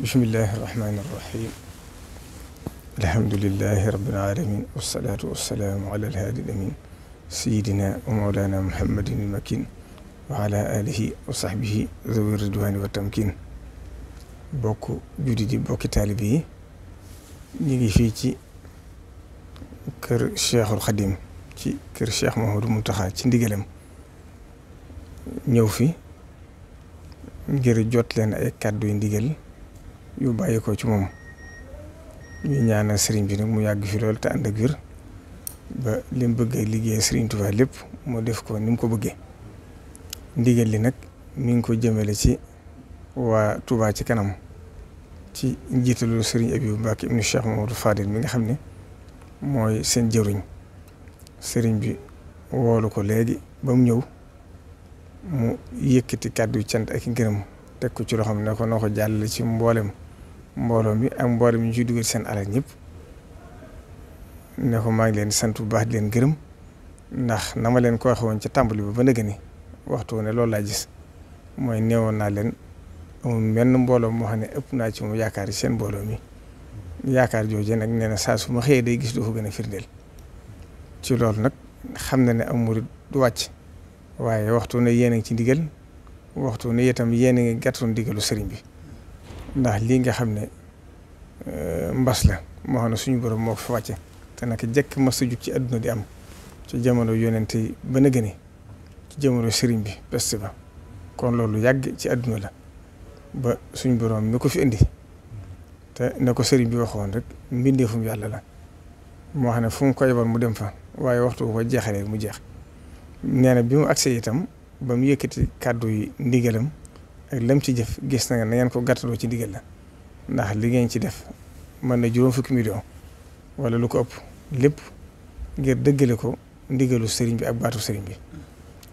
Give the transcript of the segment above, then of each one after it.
bismillahi irrahmani irrahim alhamdulilahi rabbil alamin wassalaatu wassalaamu ala alhaadi alamin sayidina wa mawlana muhammadin almakin wa ala alihi wa sahbihi zawi ridwani wa tamkin bokk judi di bokki taalibe yi ñu ngi fii ci kër cheikhul xadim ci kër cheikh Mouhamadou Mountakha ci ndigalam ñëw fi ngir jot leen ay kàddu yu ndigal yu bàyyi ko ci moom ñu ñaanal sëriñ bi nag mu yàgg fi lool te ànd ak wér ba li mu bëgg liggéey sëriñ Tuubaa lépp mu def ko ni mu ko bëggee ndigal li nag mi ngi ko jëmale ci waa Tuubaa ci kanam ci njiitalu sëriñ Abibu Mbàkke ibnu Cheikh Mamadou Fadil mi nga xam ne mooy seen jëruñ sëriñ bi woolu ko léegi ba mu ñëw mu yëkkati kàddu cant ak ngërëm teg ko ci loxo xam ne ko noo ko jàll ci mboolem. mbooloo mi ak mbooloo mi ñu ciy dugal seen alal ñëpp ne ko maa ngi leen sant bu baax di leen gërëm ndax na ma leen ko waxee woon ca tàmbali ba ba nëgë ni waxtu ne loolu laa gis mooy neewoon naa leen amul menn mbooloo moo xam ne ëpp naa ci mu yaakaar seen mbooloo mi yaakaar jooju nag nee na saa su ma xëyee day gis du ko gën a firndeel ci loolu nag xam na ne am murid du wàcc waaye waxtu ne yéen a ngi ci ndigal waxtu ne itam yéen a ngi gàttoon ndigalu sëriñ bi. ndax lii nga xam ne euh, mbas la moo xam ne suñu borom moo ko fa wàcce te naka jekk mas jug ci àdduna di am ci jamono yonent yi ba na ci jamono sëriñ bi peste ba kon loolu yàgg ci àdduna la ba suñu borom mi ko fi indi te ne ko sëriñ bi waxoon rek mbindeefum yàlla la moo xam ne fu mu ko yebal mu dem fa waaye waxtu ko jeexalee mu jeex nee bi mu agsee itam ba mu yëkkati kàddu yi ndigalam ak lam ci jëf gis na nga na ngeen ko gàttaloo ci ndigal la ndax li ngeen ci def mën na juróom fukki million wala lu ko ëpp lépp ngir dëggale ko ndigalu sëriñ bi ak baatu sëriñ bi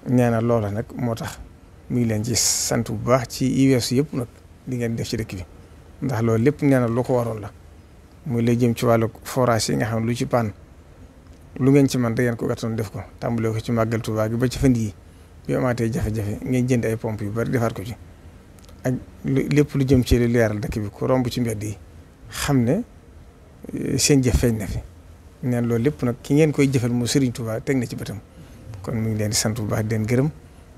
nee na loola nag moo tax mi ngi leen ci sant bu baax ci iweesu yëpp nag di ngeen def ci dëkk bi ndax loolu lépp nee na lu ko waroon la muy lay jëm ci wàllu forage yi nga xam lu ci paan lu ngeen ci man da ngeen ko gàttoon def ko tàmbalee ko ci màggal Tuubaa gi ba ci fan yi bi amaatee jafe jënd ay pompe yu bari defaat ko ci ak lépp lu jëm ci li leeral dëkk bi ku romb ci mbedd yi xam ne eh, seen jëf feeñ na fi neen loolu lépp nag ki ngeen koy jëfal mu sëriñ Touba teg na ci bëtam kon mu ngi leen sant bu baax di leen gërëm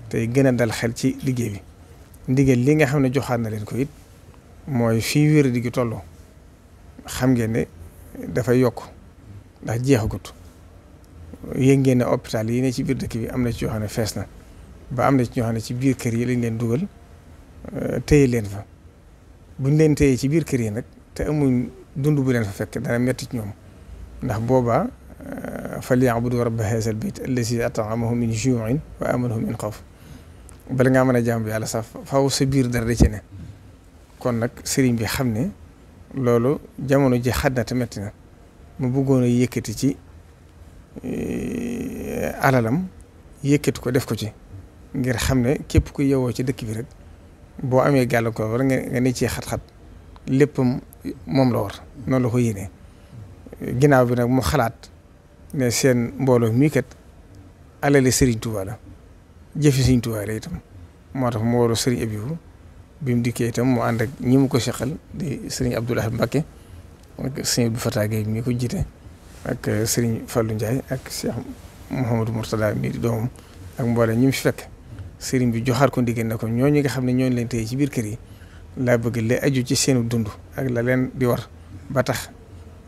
tey gën a dal xel ci liggéey bi ndigal li nga xam ne joxaat na leen ko it mooy fii wér di gi tolloo xam ngeen ne dafay yokk ndax jeexagut yéeg ngeen ne hôpital yi ne ci biir dëkk bi am na ci yoo xam ne fees na ba am na ci ñoo xam ne ci biir kër yi lañ leen dugal Euh, téye leen fa buñ leen téye ci biir kër yi nag te amuñ dund bu leen fa fekk dana metti ci ñoom ndax boobaa euh, falyabudu rabba haazal bayt allazi at'amahum min juu'in wa aamanahum min xawf bala ngaa mën a jàmm yàlla sax faw sa biir dara da kon nag sëriñ bi xam ne loolu jamono ji xat na na mu bëggoon a yëkkati ci euh, alalam yëkkati ko def ko ci ngir xam ne képp ku yewoo ci dëkk bi rek boo amee gàllankoor war nga nga ci xat-xat lépp moom la war noonu la ko yéene ginnaaw bi nag mu xalaat ne seen mbooloo mii kat alali Serigne Touba jëfi Serigne Touba itam moo tax mu waroo Serigne Abibou bi mu dikkee itam mu ànd rek ñi ko seqal di Serigne Abdoulaye Mbacké ak Serigne Abdou Fatah Gueye ko jiite ak Serigne Fallou Ndiaye ak Cheikh Mouhamadou Mourtada mi di doomam ak mboolem ñi fekk. sëriñ bi joxaat ko ndigal ne ko ñooñu nga xam ne ñooñu leen tey ci biir kër yi laa bëgg la aju ci seenu dund ak la leen di war ba tax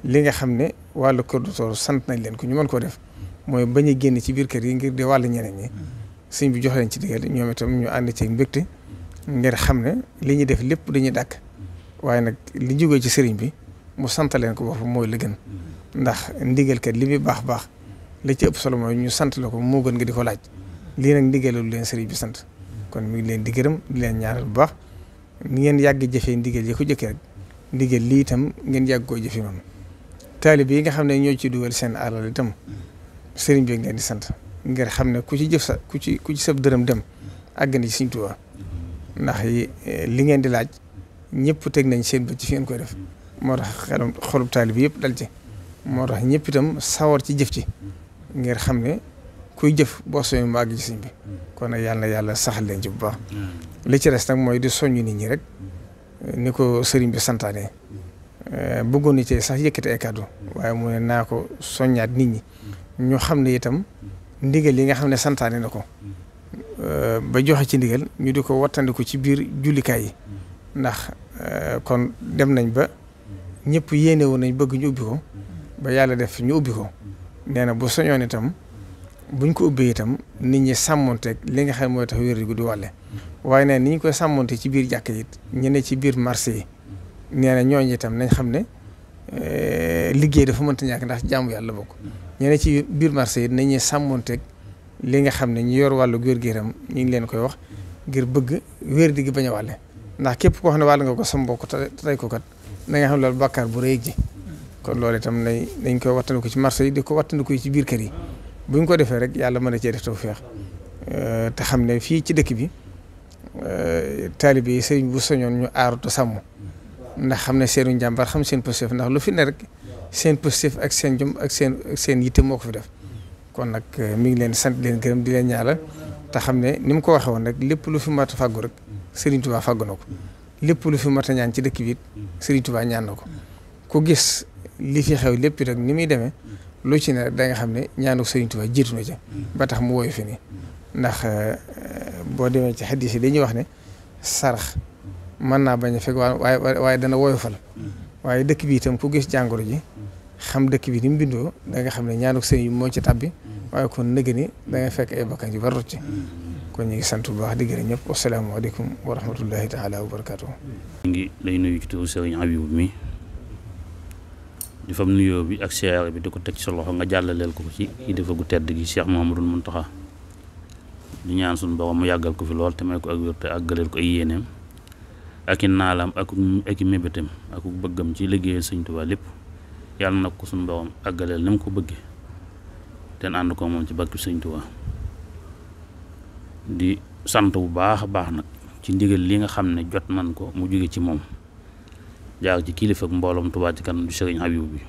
li nga xam ne wàllu kër docteur sant nañ leen ko ñu mën koo def mooy bañ génn ci biir kër yi ngir di wàll ñeneen ñi sëriñ bi jox leen ci ñoom itam ñu ànd ci mbégte ngir xam ne li ñuy def lépp dañuy dàkk waaye nag li jógee ci sëriñ bi mu santa leen ko boppam mooy la gën ndax ndigal kat li muy baax baax la ci ëpp solo mooy ñu sant la ko moo gën nga di ko laaj. lii nag ndigalul leen sëriñ bi sant kon mi ngi leen di gërëm leen ñaanal bu baax ni ngeen yàgg jëfee ndigal yi ko jëkkee rek ndigal lii itam ngeen yàgg koo jëfee noonu taalib yi nga xam ne ñoo ci dugal seen alal itam sëriñ bi ngeen di sant ngir xam ne ku ci jëf sa ku ci ku sab dërëm dem àgg na ci Sëriñ Tuubaa ndax eh, li ngeen di laaj ñépp teg nañ seen bët ci fi ngeen koy def moo tax xelum xolub taalib yëpp dal ci moo tax ñëpp itam sawar ci jëf ci ngir xam ne kuy jëf boo soñu mu àgg bi kon nag yàlla yàlla saxal leen ci bu baax li ci des mooy di soññ nit ñi rek ni ko sëriñ bi santaane eh, bëggoon na ci sax yëkkati ay kàddu waaye mu ne naa ko soññaat nit ñi ñu xam ne itam ndigal yi nga xam ne santaane na ko eh, ba joxe ci ndigal ñu di ko wattandiku ci biir jullikaay yi ndax eh, kon dem nañ ba ñëpp yéene woon nañ bëgg ñu ubbi ko ba yàlla def ñu ubbi ko nee na bu soñoon itam buñ ko ubbee itam nit ñi sàmmonteeg li nga xam mooy tax wér gu di wàlle waaye nee ni ñu koy sàmmonte ci biir jàkk yi ñu ne ci biir marché yi nee na ñooñu itam nañ xam ne eh, liggéey dafa mënta ñàkk ndax jàmm yàlla bokk ñu ne ci biir marché yi sàmmoon sàmmonteeg li nga xam ne ñu yor wàllu wér gu yaram ñu ngi leen koy wax ngir bëgg wér di gi bañ ndax képp koo xam ne wàll nga ko sa mbokk tey ko kat na nga xam loolu bu rëy ji kon loolu itam nañ nañ koy wattandiku ci marché yi di ko wattandiku ci biir kër yi bu ñu ko defee rek yàlla mën a cee def tawféex euh, te xam ne fii ci dëkk bi euh, taalibe yi sëriñ bu soñoon ñu aarutu sàmm ndax xam ne seenu njàmbar xam seen positif ndax lu fi ne rek seen postef ak seen jom ak seen seen yitte moo ko fi def kon nag euh, mi ngi leen sant leen gërëm di leen ñaa la te xam ne ni mu ko waxee woon rek lépp lu fi mat fàggu rek sëriñ Tuubaa fàggu na ko lépp lu fi mat a ñaan ci dëkk bi it sëriñ Tuubaa ñaan na ko ku gis li fi xew lépp ni muy demee lu ci ne da nga xam ne ñaanu Sëriñ Tuubaa jiitu na ca mm. ba tax mu woyu fi ni ndax euh, boo demee ci xaddis yi dañuy wax ne sarax mën naa bañ a fekk waaye waaye dana woyofal mm. waaye dëkk bi itam ku gis jàngoro ji mm. xam dëkk bi ni mu bindoo da nga xam ne ñaanu sëñ yi moo ci tàbbi waaye kon nëgë ni da nga fekk ay bakkan yu bari ci kon ñu ngi sant bu baax di gërëm ñëpp wasalaamaaleykum wa rahmatullahi taala wa barakaatu. ñu ngi lay nuyu ci Abibu mi. di fam nuyoo bi ak siyaare bi di ko teg ci sa loxo nga jàllaleel ko ci kilifa gu tedd gi Cheikh Mouhamadul Mountakha di ñaan suñu borom mu yàggal ko fi lool te may ko ak wér te àggaleel ko ay yéeneem ak i naalam ak ak i mébétam ak bëggam ci liggéeyal Sëñ Tuubaa lépp yàlla na ko suñu borom àggaleel ni mu ko bëggee te ànd ko moom ci bakki Sëñ Tuubaa di sant bu baax a baax nag ci ndigal li nga xam ne jot man ko mu jóge ci moom jaar ci kii ak mbooloom Touba ci kanam di Serigne Habib bi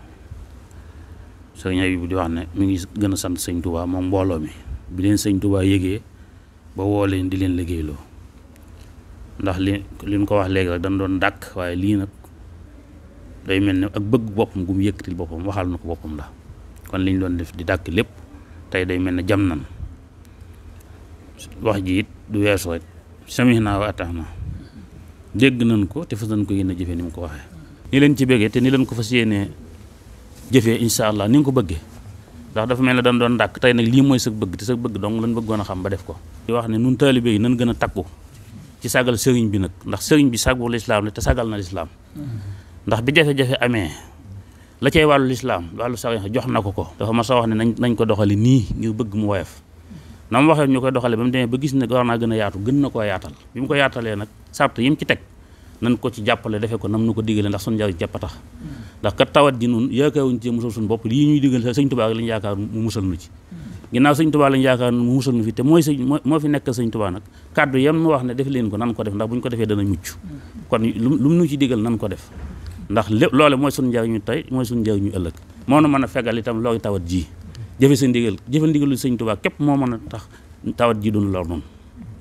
Serigne Habib wax ne mi ngi gën a sant sëñ Touba moom mbooloo mi bi leen sëñ Touba yëgee ba woo leen di leen liggéeyloo ndax li li ñu ko wax léegi rek dañ doon dàkk waaye lii nag day mel ni ak bëgg boppam gu mu yëkkatil boppam waxal na ko boppam la kon liñ doon def di dàkk lépp tey day mel ni jam nan wax ji it du weesu rek samih naa wa atax na dégg nañ ko te fas nañ ko yéene jëfee ni mu ko waxee ni leen ci bëggee te ni leen ko fas yéenee jëfe incha allah ni nga ko bëggee ndax dafa mel ne dañ doon ndàkk tey nag lii mooy sa bëgg te sa bëgg dong lan bëggoon a xam ba def ko di wax ne nun taalibe yi nan gën a takku ci sàggal sëriñ bi nag ndax sëriñ bi sàggu lislaam la te sàggal na lislaam ndax bi jafe-jafe amee la cay wàllu lislaam wàllu sëriñ jox na ko ko dafa ma sa wax ne nañ nañ ko doxali nii ngir bëgg mu woyof na mu waxee ñu koy doxalee ba mu demee ba gis ne war naa gën a yaatu gën na koo yaatal bi mu ko yaatalee nag sart yi mu ci teg nan ko ci jàppale defee ko nam nu ko diggalee ndax suñu njariñ jàpp tax ndax kat tawat ji nun yaakaaruñ ci bopp lii ñuy diggal sëñ Tuubaa lañu yaakaar mu musal nu ci ginnaaw sëñ Tuubaa lañu yaakaar mu musal nu fi te mooy sëñ moo fi nekk sëñ Tuubaa nag kàddu yam nu wax ne def leen ko nan ko def ndax bu ñu ko defee dana mucc kon lu mu nu ci diggal nan ko def ndax lépp loole mooy suñu njariñu tey mooy suñu njariñu ëllëg moo nu mën a fegal itam looy tawat jii jëfe sa ndigal jëfe ndigalu sëñ tubaa képp moo mën a tax tawat ji du lor noonu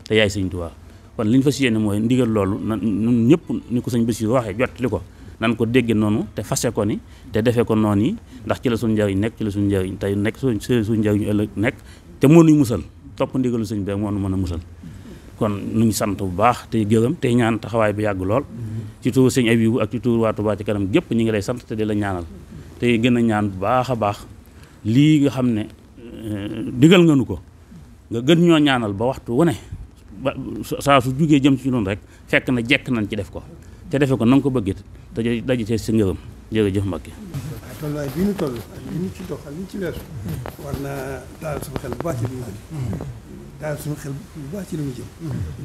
te yaay sëñ tubaa kon li ñu fas yéene mooy ndigal loolu na ñun ñëpp ni ko sëñ Bassirou waxee jottali ko nan ko dégge noonu te fase ko ni te defee ko noon yi ndax ci la suñ njariñ nekk ci la suñ njariñ tey nekk suñ suñ njariñu ëllëg nekk te moo nuy musal topp ndigalu sëñ bi moo nu mën a musal kon ñu ngi sant bu baax tey gërëm tey ñaan taxawaay bi yàgg lool ci tuur sëñ Abibu ak ci tuur waa Touba ci kanam gépp ñu ngi lay sant te di la ñaanal tey gën a ñaan bu baax a baax lii nga xam ne euh, digal nga nu ko nga gën ñoo ñaanal ba waxtu wu ne saa su jugee jëm ci noonu rek fekk na jekk nañ ci def ko defe ko na nga ko bëggee te dajitee si ngërëm jërëjëf Mbacke tolluwaay bii ñu toll ak li ñu ci dox ak li ñu ci weesu daal suñu xel bu baax ci li mu jëm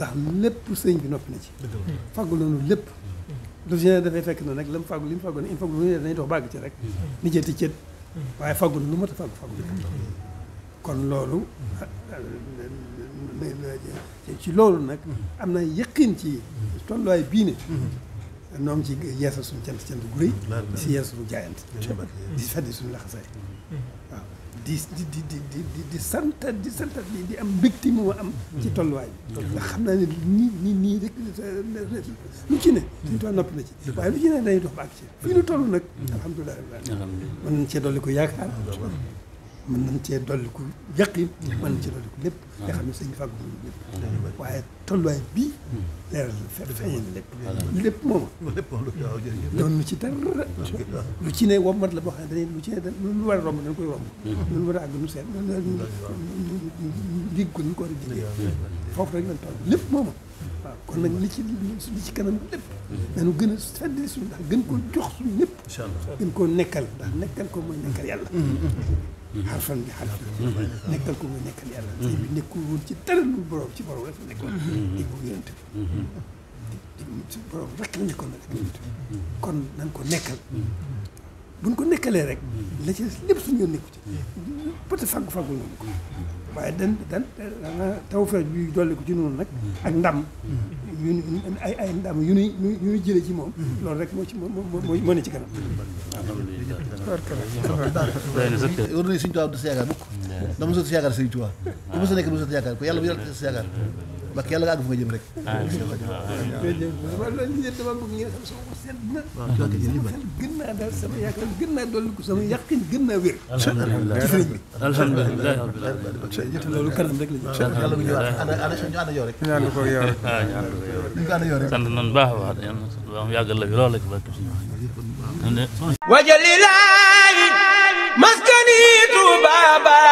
daal ndax lépp sëñ bi noppi na ci fàggu loonu lépp lu si ne dafay fekk na nag la mu fàggu li mu fàggu ne il faut que lu ñu def dañuy dox bàgg ci rek ni jëti cët waaye faggu lu mat a faggu faggu kon loolu ci loolu nag am na yëqin ci tolluwaay bii ne noom ci yeesal suñu cant cant gu rëy si yeesal suñu jaayante di feddi suñu laxasaay di di di di di di santa di sant di di am mbégte mu ma am. ci mm-hmm. tolluwaay bi. Mm-hmm. ndax xam naa ne nii nii nii rek lu ci ne. suñu tool noppi na ci. waaye lu ci ne dañuy dox ba ak ci fii lu toll nag. Mm-hmm. alhamdulilah. mën nañ cee dolli ko yaakaar. mën nañ cee dolliku yaqin mm-hmm. mën nañ cee dolliku lépp ah. nga xam ne sëñ fàggu ñu lépp mm-hmm. waaye tolluwaay bii leeral feeñal lépp lépp mooma doon lu ci dara mm-hmm. lu ci ne wommat la boo xam ne dañuy lu ci ne lu a romb dañ koy romb lu war a àgg nu seet dégg ko ñu ko war a déggee foofu rek lañ toll lépp mooma waaw kon nag li ci li ci kanam lépp dañu gën a fedd suñu ndax gën koo jox suñu lépp gën ko nekkal ndax nekkal ko mooy nekkal yàlla xarfan bi xarfan mm-hmm. nekkal ko nga nekkal yàlla sëñ mm-hmm. bi nekkul woon ci dara lu borom ci borom rek la nekkoon déglu yonent bi ci mm-hmm. kon nan ko nekkal buñ ko nekkalee rek la ci lépp suñu yoon nekku ci peut-être fàggu fàggul nañu ko waaye dan dan dana taw bi dolli ko ci noonu nag ak ndam yu ay ay ndam yu nuy yu ci moom. Mm-hmm. loolu rek moo ci moo moo moo ne ci kanam. alhamdulilah. war nañu suñu tubaab du sa yaakaar mukk. dama sot sa yaakaar sëriñ tubaab. waaw dama sa yàlla bu yàlla sa ba yàlla nga àgg naa daal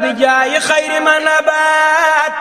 bi jaayi xayri ma nabaat